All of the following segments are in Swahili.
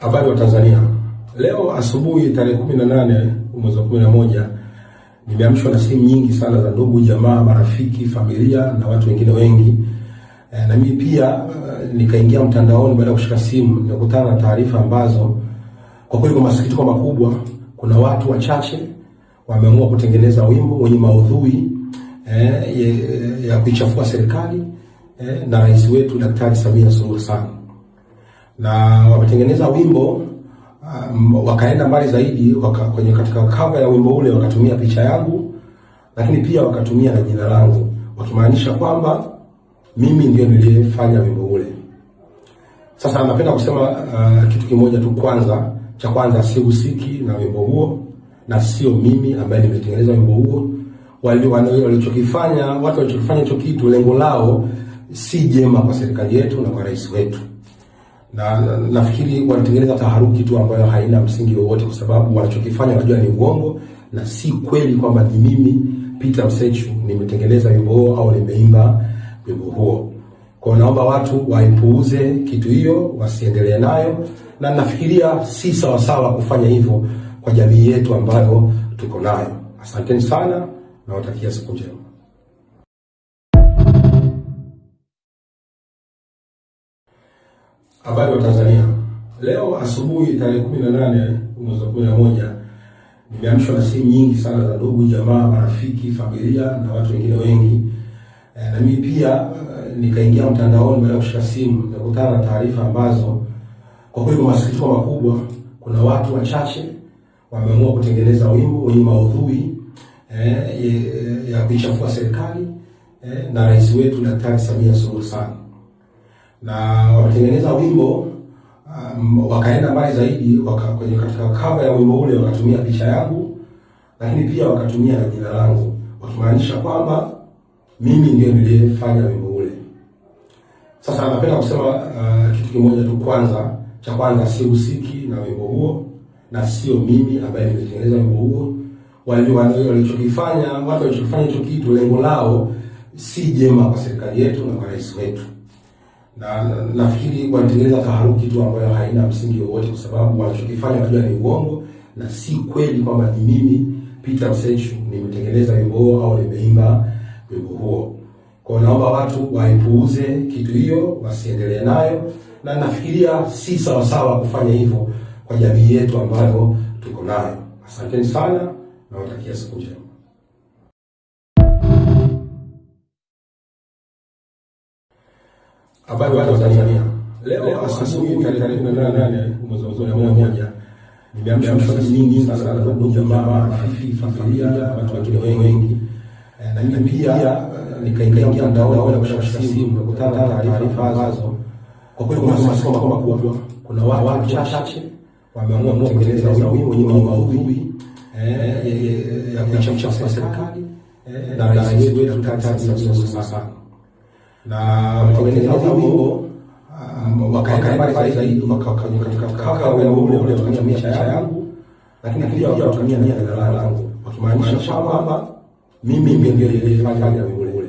Habari wa Tanzania, leo asubuhi tarehe 18 mwezi wa 11 nimeamshwa na simu nyingi sana za ndugu, jamaa, marafiki, familia na watu wengine wengi e, na mimi pia eh, nikaingia mtandaoni baada ya kushika simu, nikakutana na taarifa ambazo kwa kweli, kwa masikitiko makubwa, kuna watu wachache wameamua kutengeneza wimbo wenye maudhui e, ya, kuichafua serikali e, na rais wetu Daktari Samia Suluhu Hassan na wametengeneza wimbo um, wakaenda mbali zaidi waka, kwenye katika cover ya wimbo ule wakatumia picha yangu, lakini pia wakatumia na jina langu wakimaanisha kwamba mimi ndio niliyefanya wimbo ule. Sasa napenda kusema uh, kitu kimoja tu kwanza, cha kwanza sihusiki na wimbo huo na sio mimi ambaye nimetengeneza wimbo huo. Walichokifanya watu walichokifanya hicho kitu, lengo lao si jema kwa serikali yetu na kwa rais wetu na nafikiri wanatengeneza taharuki tu ambayo haina msingi wowote, kwa sababu wanachokifanya wanajua ni uongo na si kweli kwamba ni mimi Peter Msechu nimetengeneza wimbo huo au nimeimba wimbo huo. Kwa naomba watu waipuuze kitu hiyo, wasiendelee nayo, na nafikiria si sawasawa kufanya hivyo kwa jamii yetu ambayo tuko nayo. Asanteni sana, nawatakia siku njema. Habari wa Tanzania. Leo asubuhi tarehe 18 mwezi wa moja nimeamshwa na simu nyingi sana za ndugu, jamaa, marafiki, familia na watu wengine wengi. E, na mimi pia eh, nikaingia mtandaoni baada ya kushika simu nikakutana na taarifa ambazo kwa kweli masikitiko makubwa. Kuna watu wachache wameamua kutengeneza wimbo wenye maudhui e, ya kuichafua serikali e, na rais wetu Daktari Samia Suluhu Hassan na wametengeneza wimbo um, wakaenda mbali zaidi waka, kwenye katika cover ya wimbo ule wakatumia picha yangu, lakini pia wakatumia na jina langu wakimaanisha kwamba mimi ndiye niliyefanya wimbo ule. Sasa napenda kusema uh, kitu kimoja tu kwanza, cha kwanza sihusiki na wimbo huo na sio mimi ambaye nimetengeneza wimbo huo. Wale walichokifanya watu walichokifanya hicho kitu, lengo lao si jema kwa serikali yetu na kwa rais wetu na nafikiri wanatengeneza taharuki tu ambayo haina msingi wowote, kwa sababu wanachokifanya najua ni uongo na si kweli kwamba ni mimi Peter Msechu nimetengeneza wimbo huo au nimeimba wimbo huo. Kwa naomba watu waipuuze kitu hiyo, wasiendelee nayo, na nafikiria si sawa sawa kufanya hivyo kwa jamii yetu ambayo tuko nayo. Asanteni sana na watakia siku njema. Habari wa Tanzania. Leo asubuhi tarehe 18 mwezi wa moja, nimeamsha nafasi nyingi sana za ndugu jamaa, rafiki, familia, watu wengine wengi, eh, na mimi pia eh, eh, nikaingia mtandaoni na kushasha simu na kutana taarifa ambazo kwa kweli kuna masomo makubwa. Kuna watu wachache wameamua kutengeneza wimbo wenye maudhui ya kuichafua serikali na rais wetu Samia Suluhu Hassan na watengenezaji wa wimbo wakaenda mbali zaidi, wakatumia ule wakatumia maisha yangu, lakini pia wakatumia nia na langu, wakimaanisha kwamba mimi ndio nilifanya ule ule.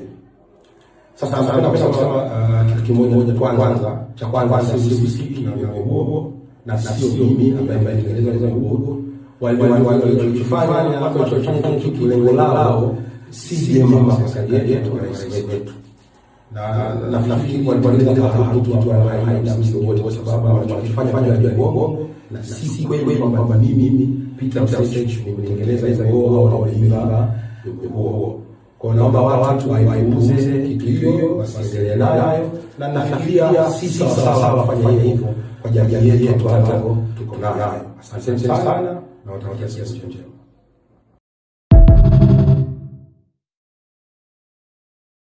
Sasa napenda kusema kitu kimoja kwanza, cha kwanza sisi sisi na Mungu na sio mimi ambaye nilitengeneza Mungu walichofanya watu walichofanya kitu lengo lao si jema kwa kanisa yetu na kanisa wetu na nafikiri wote kwa sababu wanachofanya ni uongo, na si kweli kwamba mimi Peter Msech nimetengeneza hizo uongo au nimeimba uongo. Kwa naomba watu waipuuze kitu hiyo, wasiendelee nayo, na nafikiria si sawasawa wafanye hivyo kwa jamii yetu hata tuko nayo. Asante sana na watakia siku njema.